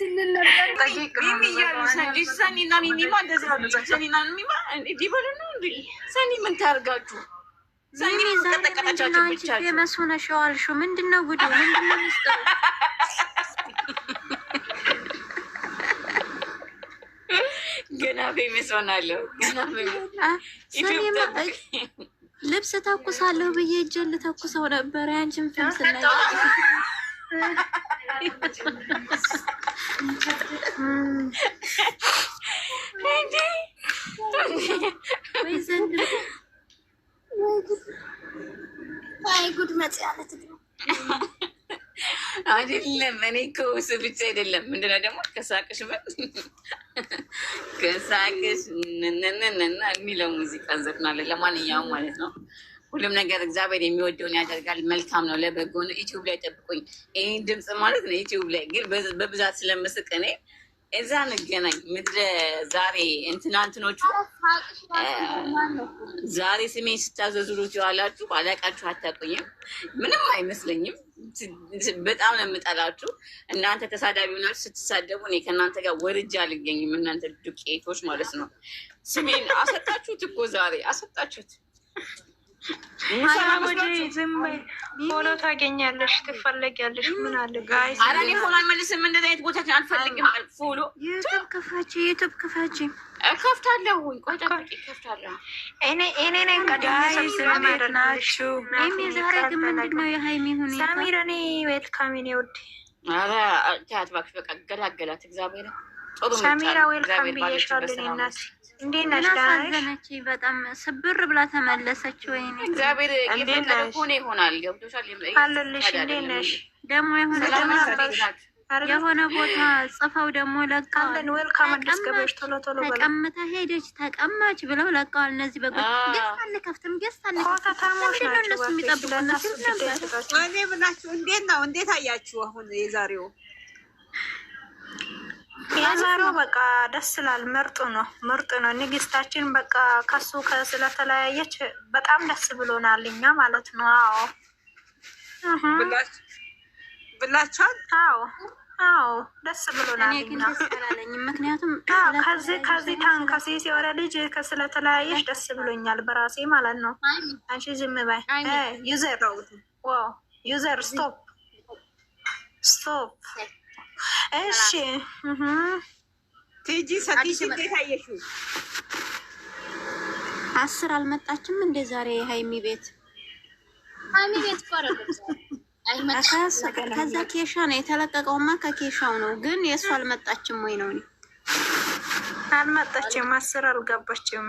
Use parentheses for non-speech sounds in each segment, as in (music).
ስንል ነበር። ሰኒ ምን ታደርጋችሁ? ሰኒ ቀጠቀጠቻቸው ብቻ የመስሆነ ሸዋልሹ ምንድነው ጉድ ገና ፌመስ ሆናለሁ። ልብስ ተኩሳለሁ ብዬ እጄን ልተኩሰው ነበር ያንቺን ፊልም ስናይ አይደለም። እኔ እኮ ብቻ አይደለም። ምንድን ነው ደግሞ ከሳቅሽ ከሳቅሽ የሚለው ሙዚቃ ዘፍናለን። ለማንኛውም ማለት ነው ሁሉም ነገር እግዚአብሔር የሚወደውን ያደርጋል። መልካም ነው፣ ለበጎ ነው። ዩቲዩብ ላይ ጠብቁኝ። ይህን ድምፅ ማለት ነው። ዩቲዩብ ላይ ግን በብዛት ስለምስቅ እኔ እዛ እንገናኝ። ምድረ ዛሬ እንትናንትኖቹ ዛሬ ስሜን ስታዘዙሩት የዋላችሁ አላቃችሁ፣ አታቆኝም። ምንም አይመስለኝም። በጣም ነው የምጠላችሁ። እናንተ ተሳዳቢ ሆናችሁ ስትሳደቡ እኔ ከእናንተ ጋር ወርጃ አልገኝም። እናንተ ዱቄቶች ማለት ነው። ስሜን አሰጣችሁት እኮ ዛሬ አሰጣችሁት። ሆኖ ታገኛለሽ፣ ትፈለጊያለሽ። ምን አለ ኧረ እኔ ሆኖ አልመልስም። እንደዚህ አይነት ቦታ አልፈልግም። ፎሎ ዩቱብ ክፈች፣ ዩቱብ ክፈች። እከፍታለሁ፣ እከፍታለሁ። እኔ እኔ ግን ምንድን ነው የሀይሚ ሁኔታ? ሳሚር እኔ ቤት ካሚኔ ውድ ኧረ ተያት እባክሽ፣ በቃ ገላገላት። እግዚአብሔር ጥሩ ሳሚራ፣ ዌልካም ብዬሻለሁ እናት እንዴት ነሽ? አሳዘነችኝ በጣም ስብር ብላ ተመለሰች። ወይኔ እግዚአብሔር የፈቀደ ይሆናል። ገብቶሻል አለልሽ። እንዴት ነሽ? ደግሞ የሆነ ቦታ ጽፈው ደግሞ ለቀዋል። ተቀምጠ ሄደች ተቀማች ብለው ለቀዋል። እነዚህ በጎች ገስ አንከፍትም ገስ አንከፍትም። እነሱ የሚጠብቁ ነበር። እንዴት ነው? እንዴት አያችሁ አሁን የዛሬው የዛሬው በቃ ደስ ይላል። ምርጡ ነው፣ ምርጡ ነው። ንግስታችን በቃ ከሱ ስለተለያየች በጣም ደስ ብሎናል እኛ ማለት ነው። አዎ ብላችኋል? አዎ አዎ፣ ደስ ብሎናል። ምክንያቱም ከዚህ ታን ከሴ ሲወረ ልጅ ስለተለያየች ደስ ብሎኛል በራሴ ማለት ነው። አንቺ ዝም ባይ ዩዘር ዩዘር ስቶፕ ስቶፕ (laughs) እሺ ቲጂ ሰቲሽ እንዴት አየሽው? አስር አልመጣችም እንደ ዛሬ ሀይሚ ቤት ሀይሚ ቤት ከዛ ኬሻ ነው የተለቀቀውማ፣ ከኬሻው ነው ግን የእሱ አልመጣችም ወይ ነው አልመጣችም፣ አስር አልገባችም።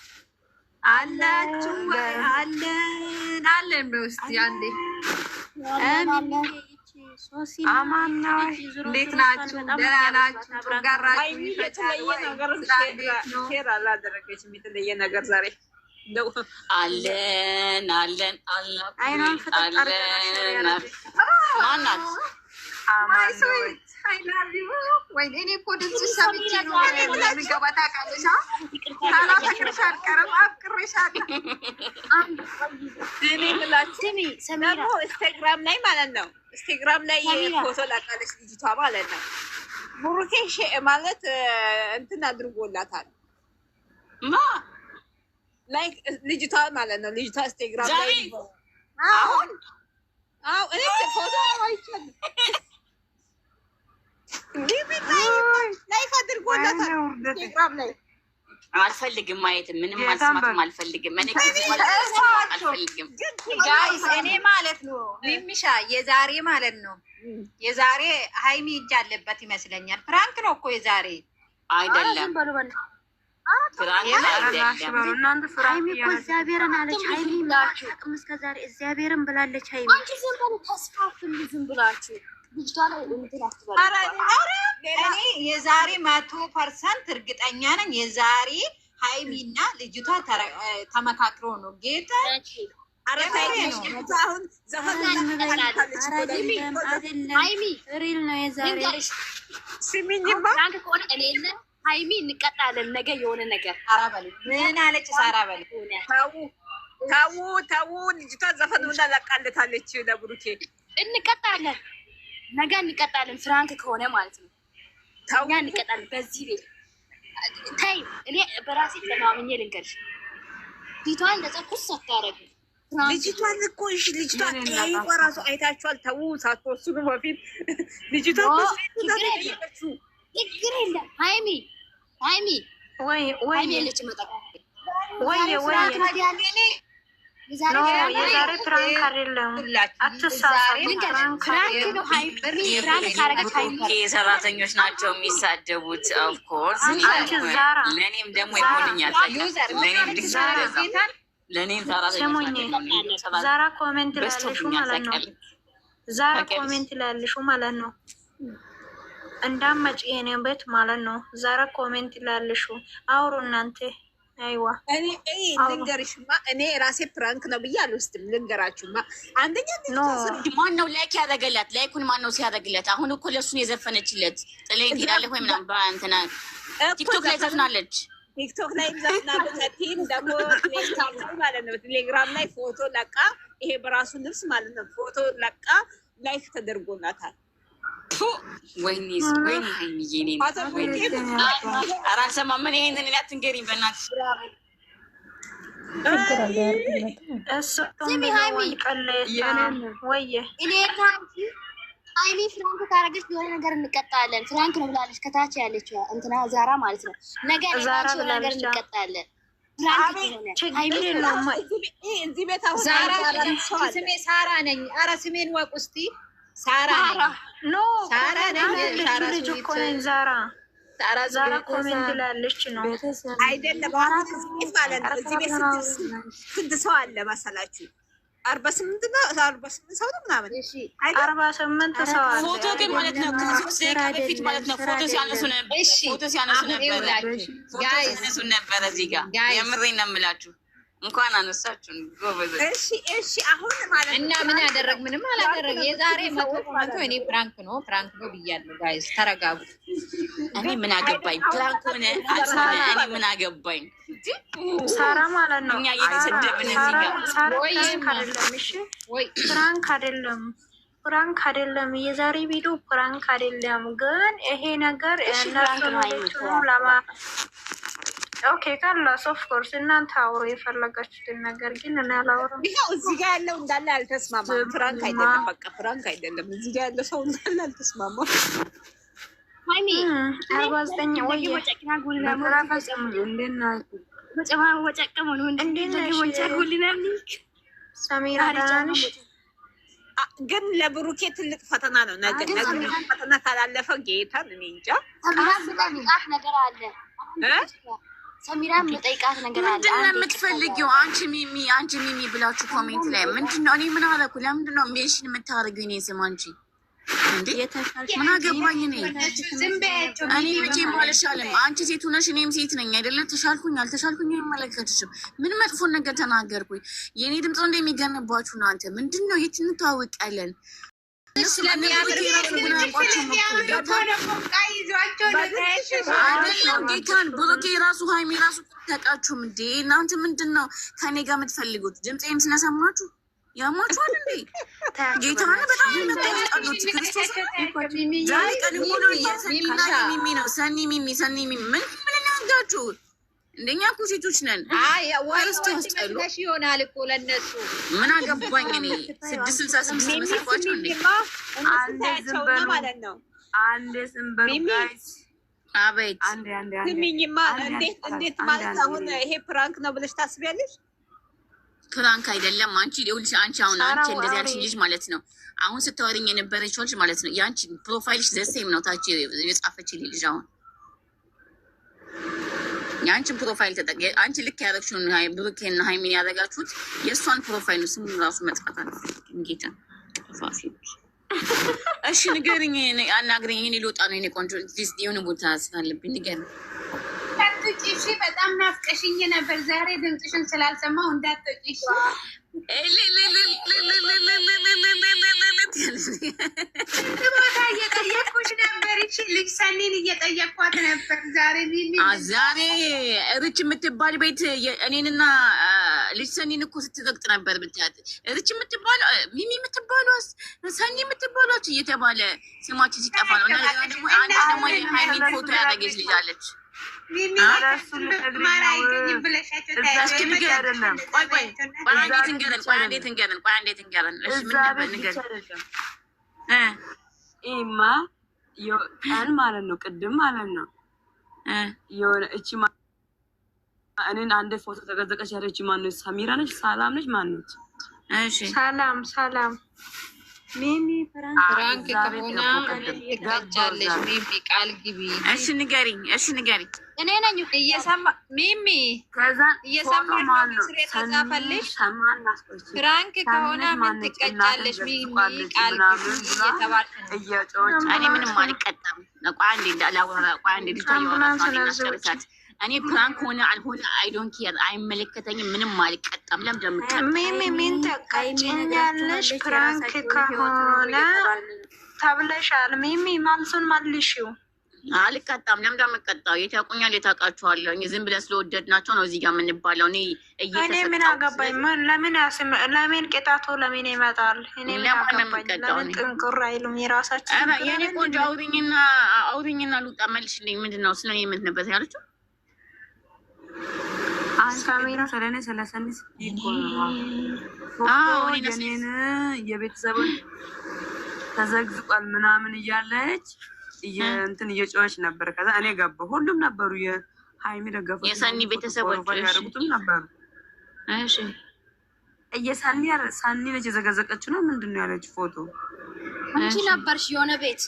አላችሁ ወይ? አለን አለን። በውስጥ ያንዴ አማን እንዴት ናችሁ? ደህና ናችሁ? ጮጋራችሁ አላደረገችም። የተለየ ነገር ዛሬ አለን አለን አለን። ማናት ወይኔ እኔ እኮ ድምፅሽ ሰምቼ ነው የምገባ። ታውቃለሽ አላፈቅርሽ አልቀርም አፍቅሬሻለሁ። እኔ የምላችሁ ደግሞ ኢንስታግራም ላይ ማለት ነው ኢንስታግራም ላይ ፎቶ ላቃለች ልጅቷ ማለት ነው። ብሩኬ ማለት እንትን አድርጎላታል ማ ላይክ ልጅቷ ማለት ነው ልጅቷ ኢንስታግራም ላይ አሁን አዎ እኔ ፎቶ አይቻለሁ ላይፍ አድርጎላታል አልፈልግም ማየት ምንም ማስማትም አልፈልግም። እኔ አልፈልግም ጋይስ። እኔ ማለት ነው ሚሚሻ የዛሬ ማለት ነው የዛሬ ሀይሚ እጅ አለበት ይመስለኛል። ፕራንክ ነው እኮ የዛሬ አይደለም። ሀይሚ እግዚአብሔርን አለች። ሀይሚ ላችሁ እግዚአብሔርን ብላለች። ሀይሚ ዝም ብላችሁ እኔ የዛሬ መቶ ፐርሰንት እርግጠኛ ነኝ። የዛሬ ሀይሚና ልጅቷ ተመካክሮ ነው ጌታ ሀይሚ እንቀጣለን። ነገ የሆነ ነገር ምን አለች? ሳራ በል ተው ተው፣ ልጅቷ ዘፈን ለቃለታለች ለብሩኬ እንቀጣለን ነገ እንቀጣለን። ፍራንክ ከሆነ ማለት ነው። እኛ እንቀጣለን በዚህ ቤት ታይ። እኔ በራሴ ተማምኜ ልንገርሽ፣ ፊቷን እንደጸኩስ ኩስ ልጅቷን እኮ እሺ፣ ልጅቷ ጠያይቋ ራሱ አይታችኋል። ተዉ ሳትወስኑ በፊት (laughs) ልጅቷ ችግር የለም። ሀይሚ ሀይሚ ወይ ወይ ልጅ መጠቃ ወይ ወይ የዛሬ ሰራተኞች ናቸው የሚሳደቡት። ኦፍኮርስ ለእኔም ደግሞ ዛራ ኮሜንት ላለሹ ማለት ነው። ዛራ ኮሜንት ላለሹ ማለት ነው። እንዳመጭ የኔ ቤት ማለት ነው። ዛራ ኮሜንት ላለሹ አውሩ እናንተ ልንገርሽማ እኔ ራሴ ፕራንክ ነው ብዬ አልወስድም። ልንገራችሁማ አንደኛ ማን ነው ላይክ ያደረገላት? ላይኩን ማን ነው ሲያደረግለት? አሁን እኮ ለእሱን የዘፈነችለት ጥለኝ ትሄዳለህ ወይ ምናምን በእንትና ቲክቶክ ላይ ዘፍናለች። ቲክቶክ ላይ ዘፍናለች። ደግሞ ቴሌግራም ላይ ማለት ነው። ቴሌግራም ላይ ፎቶ ለቃ፣ ይሄ በራሱ ልብስ ማለት ነው። ፎቶ ለቃ ላይክ ተደርጎላታል። ወይኔ ወይኔ ሀይሚዬ ይሄንን እኔ አትንገሪኝ በእናትሽ። ሀይሚ ፍራንክ ካረገች የሆነ ነገር እንቀጣለን። ፍራንክ ነው ብላለች ከታች እንትና ዛራ ማለት ነው። ነገ የሆነ ነገር እንቀጣለን። ስሜ ሳራ ነኝ። ኧረ ስሜን ወቅ ውስጥ ሳራ ኖ ሳራ ልጅ እኮ ነኝ። ዛራ ዛራ ኮሜንት ላለች ነው አይደለም ማለት ነው። እዚህ ቤት ስንት ሰው አለ መሰላችሁ? አርባ ስምንት ነው አርባ ስምንት ሰው ነው ምናምን አርባ ስምንት ሰው አለ። ፎቶ ግን ማለት ነው ከዚህ በፊት ማለት ነው ፎቶ ሲያነሱ ነበር፣ ፎቶ ሲያነሱ ነበር፣ ፎቶ ሲያነሱ ነበር እዚህ ጋር የምሬን ነው የምላችሁ እንኳን አነሳችሁ። እሺ እሺ። አሁን ማለት እና ምን ያደረግ ምንም አላደረግ። የዛሬ መቶ መቶ እኔ ፍራንክ ነው ፍራንክ ነው ብያለሁ። ጋይስ ተረጋጉ። እኔ ምን አገባኝ? ፍራንክ ሆነ አልሆነ እኔ ምን አገባኝ? ሳራ ማለት ነው እኛ እየተሰደብን እዚህ ጋር ወይ አይደለም። እሺ ወይ ፍራንክ አይደለም ፕራንክ አይደለም። የዛሬ ቪዲዮ ፕራንክ አይደለም፣ ግን ይሄ ነገር እነሱ ለማ ኦኬ ካላስ ኮርስ እናንተ አውሮ የፈለጋችሁትን ነገር ግን እኔ አላወራም። ይኸው እዚህ ጋር ያለው እንዳለ አልተስማማም። ፍራንክ አይደለም፣ በቃ ፍራንክ አይደለም። እዚህ ጋር ያለው ሰው እንዳለ አልተስማማም። ግን ለብሩኬ ትልቅ ፈተና ነው። ነገር ፈተና ካላለፈ ጌታን እኔ እንጃ ነገር አለ ሰሚራ የምጠይቃት ነገር አለ። ምንድን ነው የምትፈልጊው? አንቺ ሚሚ አንቺ ሚሚ ብላችሁ ኮሜንት ላይ ምንድን ነው እኔ ምን አደረኩ? ለምንድን ነው ሜንሽን የምታደርጊው? እኔ ስም አንቺ ምን አገባኝ? እኔ እኔ መቼም አልሻልም። አንቺ ሴት ሆነሽ እኔም ሴት ነኝ አይደለም። ተሻልኩኝ አልተሻልኩኝ አይመለከትሽም። ምን መጥፎን ነገር ተናገርኩኝ? የእኔ ድምፅ እንደሚገንባችሁ እናንተ ምንድን ነው የት እንተዋወቃለን? ጌታን ብሩኬ ራሱ ሀይሚ ራሱ ታውቃችሁም እንዴ? እናንተ ምንድን ነው ከኔ ጋር የምትፈልጉት? ድምፄን ስለሰማችሁ ያሟችኋል እንዴ? ጌታን በጣም የምታጣሉት ክርስቶስ ቀን ሙሉ ሰኒ ሚሚ ነው። ሰኒ ሚሚ ሰኒ ሚሚ ምን ምን ናጋችሁ? እንደኛ እኮ ሴቶች ነን። ክርስቶስ ጸሎ ይሆናል እኮ ለነሱ ምን አገባኝ እኔ ስድስት ስልሳ ስድስት መሰልኳቸው እንዴ ማለት ነው። አንድ ስም በሉ አቤት ስሚኝማ፣ እንዴት እንዴት ማለት አሁን ይሄ ፕራንክ ነው ብለሽ ታስቢያለሽ? ፕራንክ አይደለም። አንቺ ይኸውልሽ፣ አንቺ አሁን አንቺ እንደዚህ ያልሽ ልጅ ማለት ነው አሁን ስታወሪኝ የነበረች ልጅ ማለት ነው። የአንቺ ፕሮፋይልሽ ዘሴም ነው ታች የጻፈችልኝ ልጅ አሁን የአንቺን ፕሮፋይል ተጠቅ አንቺ ልክ ያደረግሽውን ብሩኬና ሀይሚን ያደረጋችሁት የእሷን ፕሮፋይል ነው። ስሙን ራሱ መጥፋት አለ። እንጌታ እሺ፣ ንገርኝ፣ አናግረኝ። ይህን ልወጣ ነው። እኔ ቆንጆ የሆነ ቦታ ስላለብኝ ንገርኝ። እንዳትወጪ በጣም ናፍቀሽኝ ነበር። ዛሬ ድምፅሽን ስላልሰማሁ እንዳትወጪ። ቦታ እየጠየኩሽ ነበር። እቺ ልጅ ሰኔን እየጠየኳት ነበር። ዛሬ ዛሬ ርች የምትባል ቤት እኔንና ልጅ ሰኔን እኮ ስትዘግጥ ነበር ብትያት ርች የምትባል ሚሚ የምትባሏ ሰኔ የምትባሏች እየተባለ ስማችን ሲጠፋ ነው። ደግሞ አንድ ደግሞ ሀይሚን ፎቶ ያደረገች ልጅ አለች ይማ ቀን ማለት ነው። ቅድም ማለት ነው የሆነ እቺ እኔን አንድ ፎቶ ተቀዘቀች ያለች ማነች? ሰሚራ ነች? ሰላም ነች? ማነች? ሰላም ሰላም ሚሚ ፍራንክ ከሆነ ትቀጫለሽ። ሚሚ ቃል ግቢ። እሺ ንገሪኝ፣ እሺ ንገሪኝ። እኔ ነኝ ሚሚ እየሰማሽ የተጻፈልሽ። ፍራንክ ከሆነ ምን ትቀጫለሽ? ሚሚ ቃል ግቢ እየተባልሽ እኔ ምንም አልቀጣም። ቆይ አንዴ እንዳላወራ፣ ቆይ አንዴ ልጅቷ እያወራች እኔ ፕራንክ ሆነ አልሆነ አይዶን ኬር አይመለከተኝም። ምንም አልቀጣም። ለምን ተቀጭኛለሽ? ፕራንክ ከሆነ ተብለሻል። ሚሚ ማልሱን ማልሽው አልቀጣም። ለምን ደምቀጣው? የታቁኛል፣ የታቃችኋለሁ። ዝም ብለን ስለወደድናቸው ነው እዚህ ጋር የምንባለው። እኔ እኔ ምን አገባኝ? ለምን ለምን ቅጣቱ ለምን ይመጣል? ለምን ጥንቅር አይሉም? የራሳቸው የኔ ቆንጆ አውሪኝና አውሪኝና ልውጣ መልሽልኝ። ምንድን ነው ስለ የምትንበት ያለችው አንሳሜራ ሰለነ ተዘግዝቋል ምናምን እያለች እንትን እየጮኸች ነበር። ከዛ እኔ ገባሁ። ሁሉም ነበሩ የሀይሚ ደገፉ፣ የሰኒ ቤተሰቦች ነበሩ። እየሳኒ ሳኒ ነች የዘገዘቀችው ነው ምንድን ነው ያለች ፎቶ አንቺ ነበርሽ የሆነ ቤት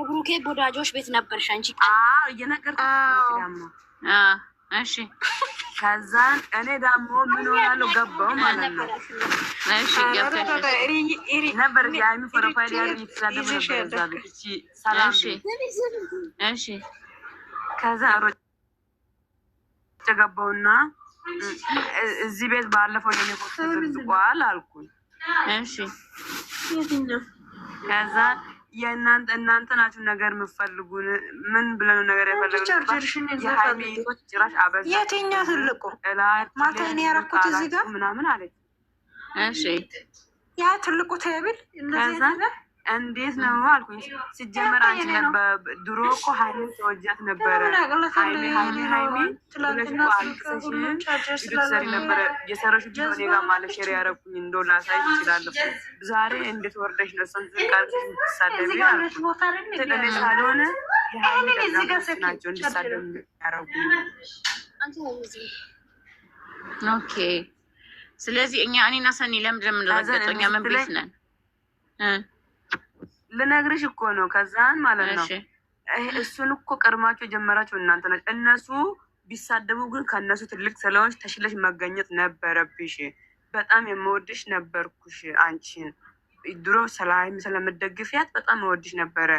የብሩኬ ቦዳጆች ቤት ነበርሽ አንቺ። አዎ እሺ ከዛን እኔ ደግሞ ምን ሆናለሁ ገባው ማለት ነው። እሺ ነበር ቤት ሰላም እሺ እዚህ ቤት ባለፈው የኔ አልኩኝ። እሺ ከዛ የእናንተ እናንተ ናችሁ ነገር የምፈልጉን ምን ብለን ነገር የፈለግንባቸውሽንቶች ጭራሽ አበዛ። የትኛ ትልቁ ማታ እኔ ያረኩት እዚህ ጋር ምናምን አለች። ያ ትልቁ ተብል እነዚህ እንዴት ነው አልኩኝ። ሲጀመር አንቺ ድሮ እኮ ሀይሚ ተወጃት ነበረ። ሀይሚ ነበረ የሰረሹ ጋር ማለት ሸሪ ያረኩኝ እንደ ላሳይ ይችላለሁ። ዛሬ እንዴት ወርደሽ ነው ሰን ቃል እንድሳደብ ሳልሆነ ናቸው እንድሳደብ ያረጉኝ። ኦኬ ስለዚህ እኛ እኔና ሰኒ ለምድ ነው የምንረገጠው? እኛ ምን ነን? ልነግርሽ እኮ ነው። ከዛን ማለት ነው እሱን እኮ ቀድማቸው የጀመራችሁ እናንተ ነች። እነሱ ቢሳደቡ ግን ከእነሱ ትልቅ ስለሆንሽ ተሽለሽ መገኘት ነበረብሽ። በጣም የምወድሽ ነበርኩሽ። አንቺን ድሮ ሰላም ስለምደግፊያት በጣም የምወድሽ ነበረ።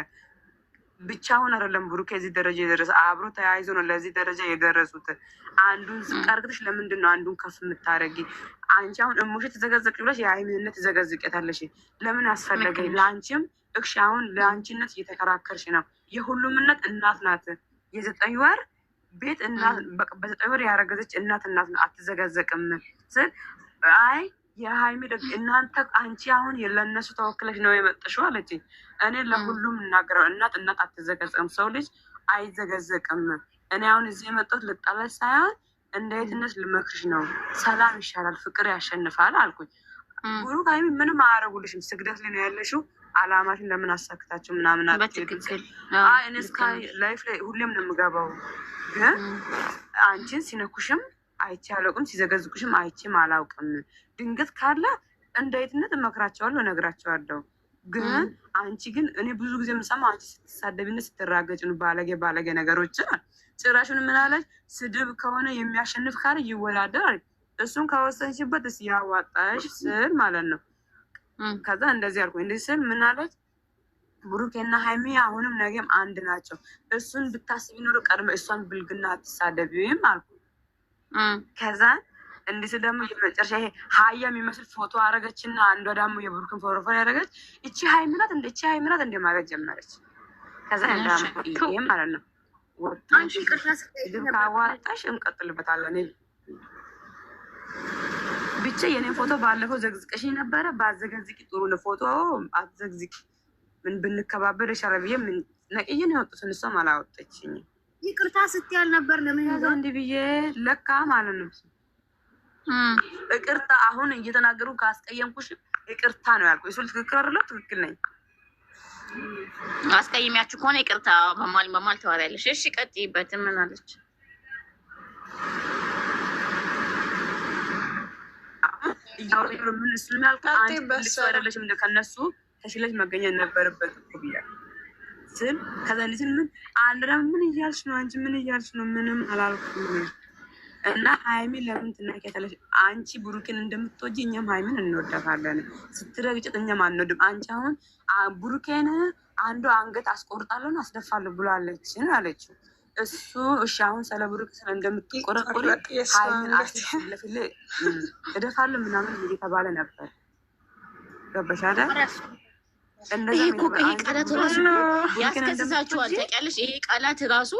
ብቻውን አይደለም ብሩክ የዚህ ደረጃ የደረሰ አብሮ ተያይዞ ነው ለዚህ ደረጃ የደረሱት። አንዱን ቀርቅትሽ ለምንድን ነው አንዱን ከፍ የምታደረጊ? አንቺ አሁን እሙሽ ተዘገዘቅ ብለሽ የሃይምነት ተዘገዝቄታለሽ። ለምን አስፈለገኝ ለአንቺም እሺ አሁን ለአንቺነት እየተከራከርሽ ነው። የሁሉም እናት እናት ናት። የዘጠኝ ወር ቤት በዘጠኝ ወር ያረገዘች እናት እናት አትዘጋዘቅም ስል አይ የሀይሚ ደግ እናንተ አንቺ አሁን ለእነሱ ተወክለሽ ነው የመጠሽው አለች። እኔ ለሁሉም እናገረው እናት እናት አትዘጋዘቅም፣ ሰው ልጅ አይዘጋዘቅም። እኔ አሁን እዚህ የመጣሁት ልጣለች ሳይሆን እንደ የትነት ልመክርሽ ነው። ሰላም ይሻላል፣ ፍቅር ያሸንፋል አልኩኝ። ሙሉ ሀይሚ ምንም አያደርጉልሽም። ስግደት ላይ ነው ያለሽው። አላማሽን ለምን አሳክታችሁ ምናምን በትክክል ላይፍ ላይ ሁሌም ነው የምገባው፣ ግን አንቺን ሲነኩሽም አይቼ አላውቅም፣ ሲዘገዝቁሽም አይቼም አላውቅም። ድንገት ካለ እንደ የትነት እመክራቸዋለሁ፣ እነግራቸዋለሁ። ግን አንቺ ግን እኔ ብዙ ጊዜ የምሰማው አንቺ ስትሳደቢነት ስትራገጭ ነው፣ ባለጌ ባለጌ ነገሮችን ጭራሽን ምናለች። ስድብ ከሆነ የሚያሸንፍ ካለ ይወዳደር እሱን ካወሰንሽበት እስ ያዋጣሽ ስል ማለት ነው። ከዛ እንደዚህ አልኩኝ። እንደዚህ ስል ምን አለች? ብሩኬና ሀይሚ አሁንም ነገም አንድ ናቸው። እሱን ብታስቢ ኖሮ ቀድመ እሷን ብልግና አትሳደቢም አልኩ። ከዛ እንዲህ ስል ደግሞ የመጨረሻ ይሄ ሀያ የሚመስል ፎቶ አረገች አረገችና አንዷ ደግሞ የብሩክን ፎቶፎን ያደረገች እቺ ሀይሚ ናት እንደ እቺ ሀይሚ ናት እንደ ማለት ጀመረች። ከዛ ይሄ ማለት ነው ወጣሽ ካዋጣሽ እንቀጥልበታለን ብቻ የኔን ፎቶ ባለፈው ዘግዝቀሽ ነበረ። ባዘገዝቂ ጥሩ ነው። ፎቶ አትዘግዝቂ። ምን ብንከባበር የሻለ ብዬ ምን ነቅዬ ነው የወጡትን እሷም አላወጠችኝ። ይቅርታ ስትያል ነበር። ለምንዛ እንዲ ብዬ ለካ ማለት ነው። ይቅርታ አሁን እየተናገሩ ካስቀየምኩሽ ይቅርታ ነው ያልኩ። እሱ ትክክል አለ ትክክል ነኝ። አስቀይሚያችሁ ከሆነ ይቅርታ በማል በማል ተዋሪያለሽ። እሺ ቀጥይበት። ምን አለች? ከነሱ ተሽለሽ መገኘት ነበረበት ብያለሁ ስል ከዛ ልጅን ምን አንድረ ምን እያልሽ ነው አንቺ? ምን እያልሽ ነው? ምንም አላልኩም። እና ሀይሚን ለምን ትናቂያታለሽ? አንቺ ብሩኬን እንደምትወጂ እኛም ሀይሚን እንወዳታለን። ስትረግጭት እኛም አንወድም። አንቺ አሁን ብሩኬን አንዱ አንገት አስቆርጣለሁ አስደፋለሁ ብሏለች አለችው እሱ እሺ፣ አሁን ስለ ብሩክ እንደምትቆረቆሪ ሀይልን ምናምን እየተባለ ነበር። ገባሽ ይሄ እኮ ይሄ ቃላት ራሱ ያስከስሳችኋል። ታውቂያለሽ? ይሄ ቃላት ራሱ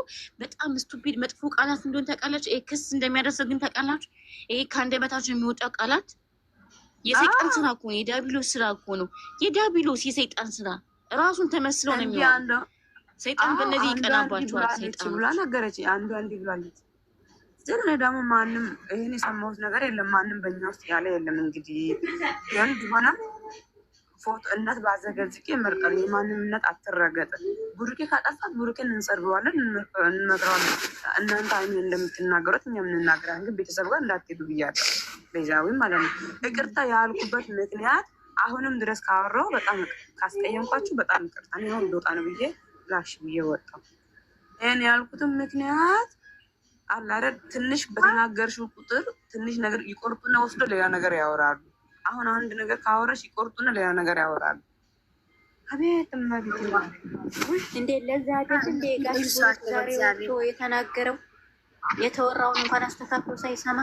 በጣም ስቱፒድ መጥፎ ቃላት እንደሆነ ታውቂያለሽ? ይሄ ክስ እንደሚያደርስ ግን ታውቂያላችሁ? ይሄ ከአንደበታችሁ የሚወጣው ቃላት የሰይጣን ስራ እኮ ነው። የዳቢሎስ ስራ እኮ ነው። የዳቢሎስ የሰይጣን ስራ ራሱን ተመስለው ነው የሚሆነው ሰይጣን በእነዚህ ይቀናባቸዋል። ሰይጣን ብላ ነገረች። አንዱ አንድ ብላለች። ግን እኔ ደግሞ ማንም ይህን የሰማሁት ነገር የለም። ማንም በእኛ ውስጥ ያለ የለም። እንግዲህ ወንድ ሆነ ፎቶ እነት ባዘገዝቄ መርጠል የማንምነት አትረገጥ። ቡርኬ ካጠፋት ቡርኬን እንጸድበዋለን፣ እንመክረዋለን። እናንተ አይ እንደምትናገሩት እኛ የምንናገራለን። ግን ቤተሰብ ጋር እንዳትሄዱ ብያለሁ። ቤዛዊ ማለት ነው። ይቅርታ ያልኩበት ምክንያት አሁንም ድረስ ካወራው በጣም ካስቀየምኳችሁ በጣም ይቅርታ። እኔ አሁን ልወጣ ነው ብዬ ላሽ ብዬ ወጣው ይህን ያልኩትም ምክንያት አላረ ትንሽ በተናገርሽው ቁጥር ትንሽ ነገር ይቆርጡና ወስዶ ሌላ ነገር ያወራሉ። አሁን አንድ ነገር ካወረሽ ይቆርጡና ሌላ ነገር ያወራሉ። አቤት መቤት እንዴ! ለዛ አይደል እንዴ ጋሽ የተናገረው የተወራውን እንኳን አስተካክሎ ሳይሰማ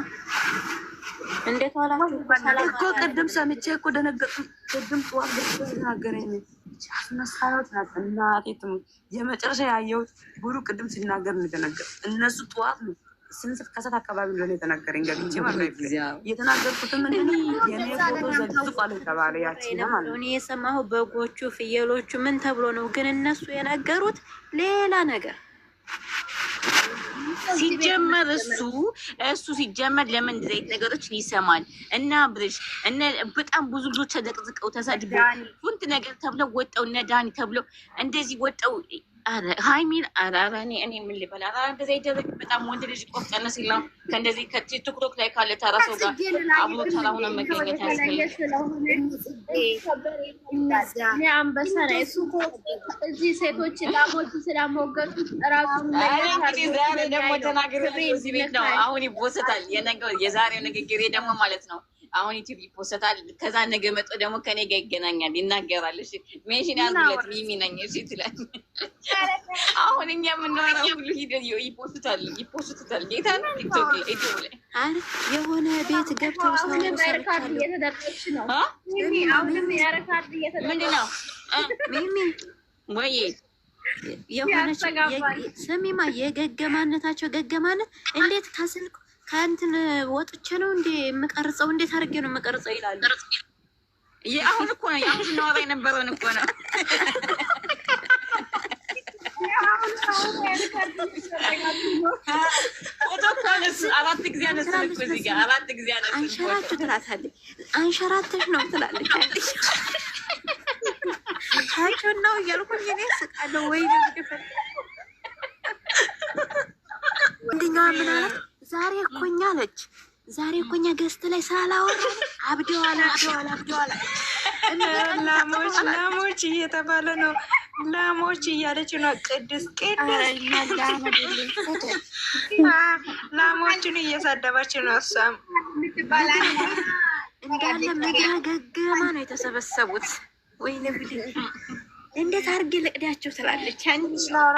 እንዴት ዋላችሁ እኮ ቅድም ሰምቼ እኮ ደነገጥኩ። ቅድም ጠዋት ሲናገረኝ መሳሪያዎች ናቸው እናቴ የመጨረሻ ያየሁት ብሩ ቅድም ሲናገር እንደነገር እነሱ ጠዋት ነው ስንት ከሰዓት አካባቢ እንደሆነ የተናገረኝ ገብቼ ማለት ነው። የተናገርኩትም እኔ የሰማሁ በጎቹ፣ ፍየሎቹ ምን ተብሎ ነው ግን እነሱ የነገሩት ሌላ ነገር ሲጀመር እሱ እሱ ሲጀመር ለምን ዘይት ነገሮች ይሰማል እና ብርሽ እነ በጣም ብዙ ልጆች ተዘቅዝቀው ተሳድበው ስንት ነገር ተብለው ወጠው እነ ዳኒ ተብለው እንደዚህ ወጠው ሀይሚን አራራኔ እኔ ምን ልበል? አራ እንደዚ አይደረግ። በጣም ወንድ ልጅ ቆፍጠነ ሲላ ከእንደዚህ ከቲክቶክ ላይ ካለ ተራ ሰው ጋር አብሮ ተራ ሆነ መገኘት ያስገኛል። አንበሳ ነው እሱ እኮ እዚህ ሴቶች ላሞች ስላሞገጡ ራሱን እንግዲህ ዛሬ ደግሞ ተናግሬ እዚህ ቤት ነው አሁን ይቦሰታል። የነገ የዛሬው ንግግሬ ደግሞ ማለት ነው አሁን ዩቲዩብ ይፖሰታል። ከዛ ነገ መጥቶ ደግሞ ከኔ ጋር ይገናኛል፣ ይናገራል። እሺ ሜሽን ያዙለት ሚሚ ነኝ እሺ ትላል። (laughs) አሁን እኛ የምናወራው ሁሉ ይፖስታል፣ ይፖስቱታል። ጌታ ነው ቲክቶክ ዩቲዩብ ላይ አረ የሆነ ቤት ገብተው ምንድን ነው ሚሚ ወይ የሆነ ስሚማ የገገማነታቸው ገገማነት እንዴት ከስልኩ ከእንትን ወጥቼ ነው እንዴ የምቀርጸው? እንዴት አድርጌ ነው የምቀርጸው ይላሉ። አሁን እኮ ነው አሁን ስናወራ የነበረውን እኮ ነው። አራት ጊዜ አነሳን አንሸራችሁ ትላታለች፣ አንሸራተሽ ነው ትላለች። ታቸውን ነው እያልኩኝ እኔ ስቃለሁ ወይ ነው ምን አላት ዛሬ እኮኛ እኛ አለች ዛሬ እኮኛ ገስት ላይ ሳላወራ አብደዋል አብደዋል አብደዋል ላሞች ላሞች እየተባለ ነው። ላሞች እያለች ነው። ቅድስ ላሞችን እየሳደባች ነው። እሷም እንዳለ ምድረ ገገማ ነው የተሰበሰቡት። ወይ እንዴት አድርጌ ልቅዳቸው ትላለች። ላውራ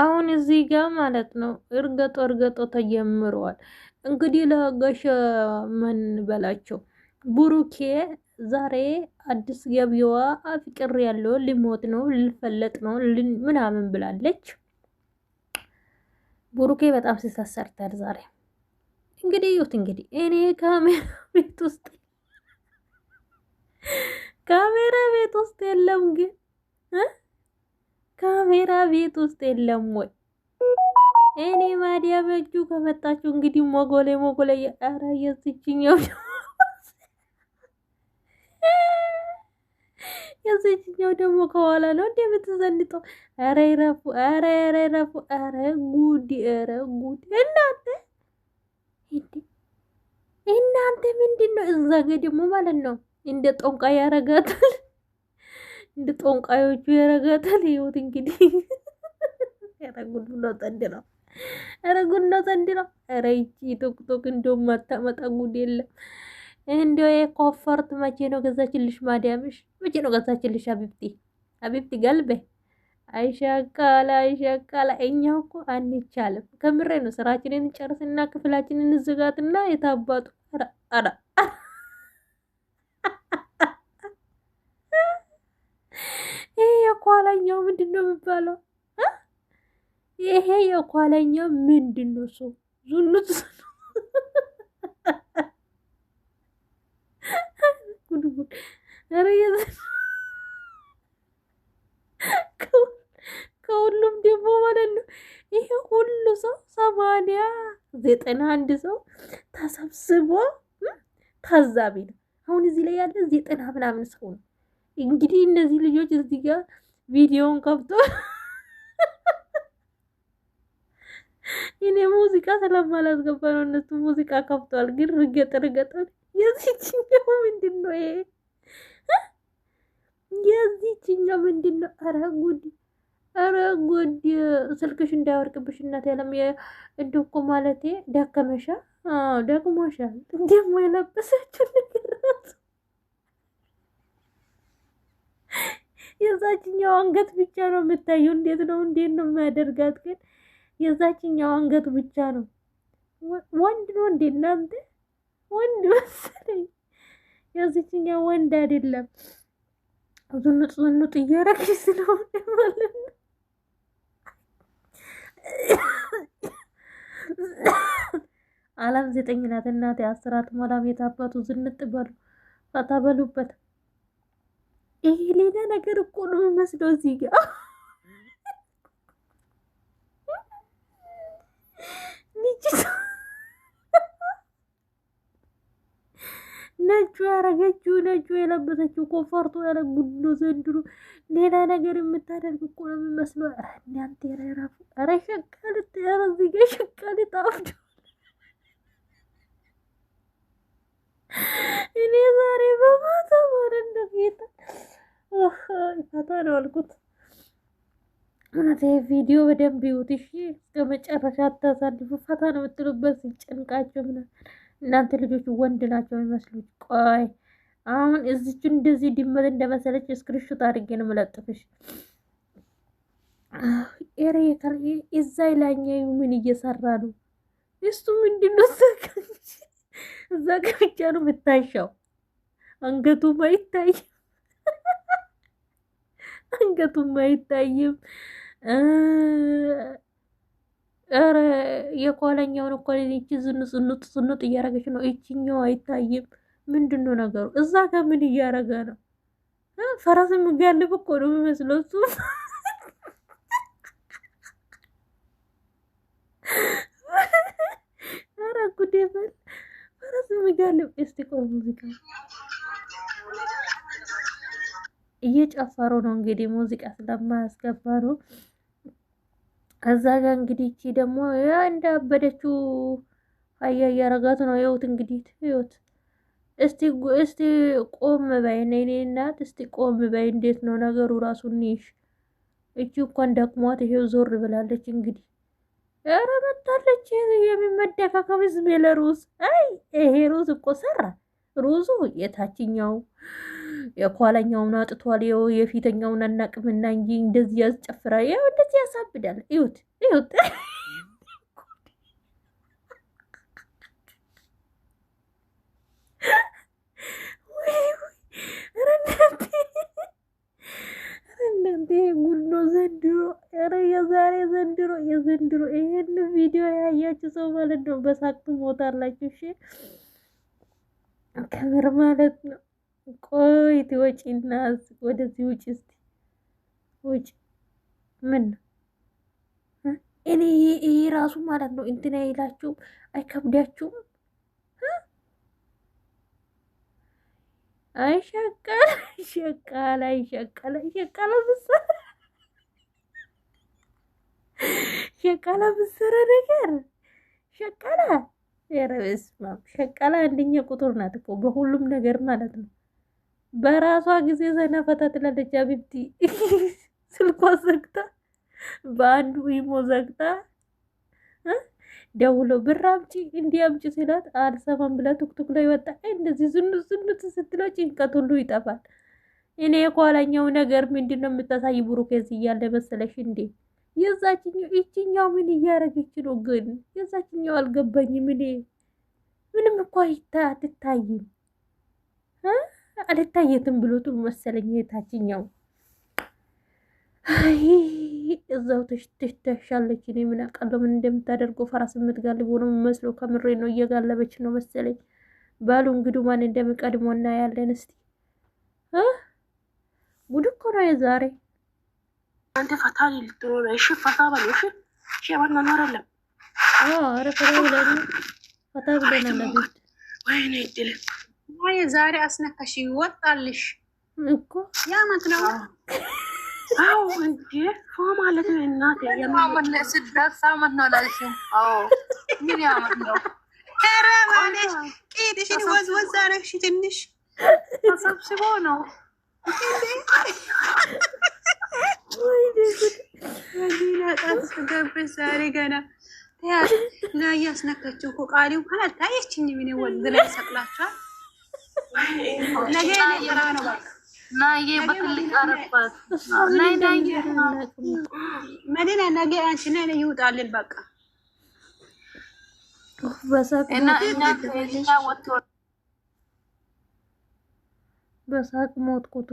አሁን እዚህ ጋር ማለት ነው እርገጦ እርገጦ ተጀምሯል። እንግዲህ ለጋሽ ምን በላቸው ቡሩኬ ዛሬ አዲስ ገቢዋ አፍቅር ያለው ሊሞት ነው ልፈለጥ ነው ምናምን ብላለች። ቡሩኬ በጣም ሲሳሰርታል ዛሬ እንግዲህ እዩት። እንግዲህ እኔ ካሜራ ቤት ውስጥ ካሜራ ቤት ውስጥ የለም ግን ካሜራ ቤት ውስጥ የለም ወይ? እኔ ማዲያ በእጁ ከመጣችሁ እንግዲህ ሞጎሌ ሞጎሌ ኧረ የዚችኛው የዚችኛው ደግሞ ከኋላ ነው እንዴ የምትዘንጠው። ኧረ ይረፉ! ኧረ ኧረ ይረፉ! ኧረ ጉድ! አረ ጉድ! እናንተ እናንተ ምንድን ነው እዛ ጋ ደግሞ ማለት ነው እንደ ጦንቃ ያረጋታል፣ እንደ ጦንቃዮቹ ያረጋታል። ህይወት እንግዲህ ያረጉድ (laughs) ብሎ ጠንድ ነው። ኧረ ጉድ ነው ዘንድ ነው። ይቺ ቶክቶክ እንደው ማታመጣ ጉድ የለም። እንደው የኮፈርት መቼ ነው ገዛችልሽ? ማዲያምሽ መቼ ነው ገዛችልሽ? አቢብቲ አቢብቲ ገልቤ አይሻቃላ አይሻቃላ። እኛ እኮ አንቻልም። ከምሬ ነው። ስራችንን ጨርስና ክፍላችንን ዝጋትና የታባጡ ኧረ ኧረ ምንድን ነው የሚባለው? ይሄ የኋለኛው ምንድን ነው? ሰው ዙኑት ከሁሉም ደግሞ ማለት ነው ይሄ ሁሉ ሰው ሰማንያ ዘጠና አንድ ሰው ተሰብስቦ ታዛቢ ነው። አሁን እዚህ ላይ ያለ ዘጠና ምናምን ሰው ነው። እንግዲህ እነዚህ ልጆች እዚህ ጋር ቪዲዮውን ከብቶ እኔ ሙዚቃ ስለማላስገባ ነው። እነሱ ሙዚቃ ከብቷል፣ ግን ርገጥ ርገጥ የዚችኛው ምንድን ነው ይሄ? የዚችኛው ምንድን ነው? አረ ጉድ! አረ ጉድ! ስልክሽ እንዳያወርቅብሽ እናት ያለም እንደው እኮ ማለቴ ዳከመሻ፣ ዳክሞሻ ደግሞ የለበሰችው ነገር የዛችኛው አንገት ብቻ ነው የምታየው። እንዴት ነው እንዴት ነው የሚያደርጋት ግን የዛችኛው አንገት ብቻ ነው። ወንድ ነው እንዴ እናንተ? ወንድ መሰለኝ። የዚችኛው ወንድ አይደለም። ዙንጥ ዙንጥ እያረግ ስለሆነ ማለት ነው። አላም ዘጠኝ ናት እናቴ። አስራት ሞላም የታባቱ ዝንጥ በሉ ፈታ በሉበት። ይሄ ሌላ ነገር እኮ ነው የሚመስለው እዚህ ጋ ነጩ ያረገችው ነጩ የለበሰችው ኮንፈርቱ ያለ ጉድ ዘንድሮ። ሌላ ነገር የምታደርግ እኮ ነው የሚመስለው። እናንተ ረራፉ ረ ሸቃልጥ ያረ ዚጋ እኔ ዛሬ በማታ ማረነ ጌታ ፈታ ነው አልኩት። እውነት ቪዲዮ በደንብ ይዩት እሺ፣ እስከ መጨረሻ አታሳልፉ። ፈታ ነው የምትሉበት ሲጨንቃቸው ምናምን። እናንተ ልጆች ወንድ ናቸው የሚመስሉት። ቆይ አሁን እዚች እንደዚህ ድመት እንደመሰለች እስክሪንሾት አድርጌ ነው የምለጥፍሽ። ኧረ የዛ ላይኛው ምን እየሰራ ነው? እሱ ምንድነው ሰካች እዛ ብቻ ነው የምታሻው። አንገቱም አይታይም፣ አንገቱም አይታይም። ኧረ የኋለኛውን እኮ ይቺ ዝንጥ ዝንጥ ዝንጥ እያረገች ነው። ይችኛው አይታይም። ምንድን ነው ነገሩ? እዛ ጋር ምን እያረገ ነው? ፈረስ የሚጋልብ እኮ ነው የሚመስለው እሱ ኧረ ጉዴ በል ረስ የሚጋልብ እስቲ ቆይ ሙዚቃ እየጨፈሩ ነው እንግዲህ ሙዚቃ ስለማያስገባ ነው። ከዛ ጋር እንግዲህ እቺ ደግሞ እንዳበደችው አያ እያረጋት ነው። ይኸውት እንግዲህ ይኸውት። እስቲ እስቲ ቆም በይ ነይኔ እናት እስቲ ቆም በይ። እንዴት ነው ነገሩ ራሱ ኒሽ እቺ እንኳን ደክሟት ይሄው ዞር ብላለች እንግዲህ ኧረ መታለች የሚመደፋ ከብዝ ሩዝ። አይ ይሄ ሩዝ እኮ ሰራ። ሩዙ የታችኛው የኋለኛውን አጥቷል። ይኸው የፊተኛውን አናቅምና እንጂ እንደዚህ ያስጨፍራ፣ ይኸው እንደዚህ ያሳብዳል። እዩት፣ እዩት ጉኖ ዘንድሮ፣ ኧረ የዛሬ ዘንድሮ፣ የዘንድሮ ይሄ ማለት ነው። በሳቅ ትሞታላችሁ። እሺ ከምር ማለት ነው። ቆይ ትወጪና ወደዚህ ውጭ እስቲ ውጭ። ምን ነው እኔ ይሄ ራሱ ማለት ነው እንትን አይላችሁም? አይከብዳችሁም? አይሸቀል ሸቃል አይሸቀል ሸቃል ብሰራ ሸቃል ብሰራ ነገር ሸቀላ የረበስ ሸቀላ አንደኛ ቁጥር ናት እኮ በሁሉም ነገር ማለት ነው። በራሷ ጊዜ ዘና ፈታ ትላለች። አቢብቲ (laughs) ስልኳ ዘግታ በአንዱ ኢሞ ዘግታ ደውሎ ብር አምጪ እንዲህ አምጪ ሲላት አልሰማም ብላ ቱክቱክ ላይ ወጣ። እንደዚህ ዝኑት ዝኑት ስትለው ጭንቀት ሁሉ ይጠፋል። እኔ የኋላኛው ነገር ምንድን ነው የምታሳይ ብሩኬዝ እያለ መሰለሽ እንዴ? የዛችኛው ይችኛው ምን እያደረገች ነው ግን? የዛችኛው አልገባኝም። ምን ምንም እኮ አትታይም አልታየትም ብሎቱ መሰለኝ። የታችኛው እዛው ትሽተሻለች። እኔ ምን አውቃለሁ ምን እንደምታደርገው። ፈራስ የምትጋልብ ሆኖ መስሎ ከምሬ ነው። እየጋለበች ነው መሰለኝ። ባሉ እንግዲህ ማን እንደምቀድሞ እናያለን። እስቲ ጉድ እኮ ነው የዛሬ አንተ ፈታ ልትኖረ እሺ፣ ፈታ በል እሺ። እሺ ማን አይደለም። አዎ፣ ኧረ ፈታ ብለን ፈታ ብለን አለበት። ወይኔ እድል ወይ ዛሬ አስነካሽ ይወጣልሽ እኮ ያመት ነው። አዎ፣ እንዴ ፎ ማለት ነው እናቴ። ያመት ነው ስድስት አመት ነው አላለሽም? አዎ፣ ምን ያመት ነው? ኧረ ማለሽ ቂጥሽን ወዝ ወዝ አረግሽ ትንሽ ተሰብስቦ ነው እንዴ ዛሬ ገና ና እያስነካቸው እኮ ቃሪ እንኳን አልታየችኝም። እኔ ወንድ ላይ ሰቅላችኋል። ነገ መዲና ነገ አንቺ ና ይውጣልን በቃ በሳቅ ሞት ቁት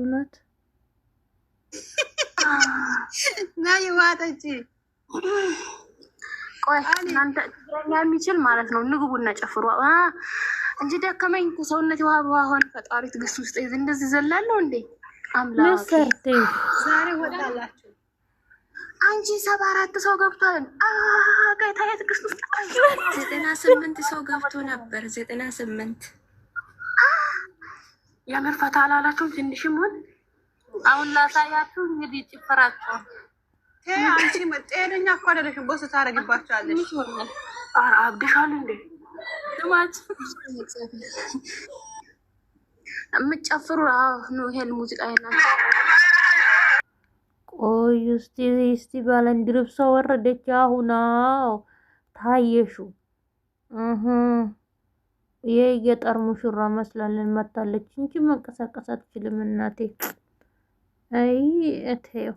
ናይ ዋጠጪ ቆይ እናንተ ትግረኛ የሚችል ማለት ነው። ንግቡና ጨፍሩ እንጂ ደከመኝ ሰውነት የውሃ በውሃ ሆነ። ፈጣሪ ትዕግስት ውስጥ ይዝ እንደዚህ ዘላለሁ እንዴ አምላክ ዛሬ ወጣላችሁ። አንቺ ሰባ አራት ሰው ገብቷል። ቀይታያ ትዕግስት ውስጥ ዘጠና ስምንት ሰው ገብቶ ነበር። ዘጠና ስምንት የምር ፈታ አላላችሁም ትንሽም ሆን አሁን ላሳያችሁ እንግዲህ ጭፈራቸውን። አንቺ ጤነኛ እኮ አይደለሽም። ቦስ ታደርግባቸዋለሽ። አብድሻል እንዴ? ልማት የምጨፍሩ አሁኑ ይሄን ሙዚቃ ይናል። ቆይ እስቲ እስቲ ባለንድርብሳ ወረደች። አሁን ታየሹ ይሄ የገጠር ሙሽራ መስላለን መታለች እንጂ መንቀሳቀስ አትችልም እናቴ Aí até teu.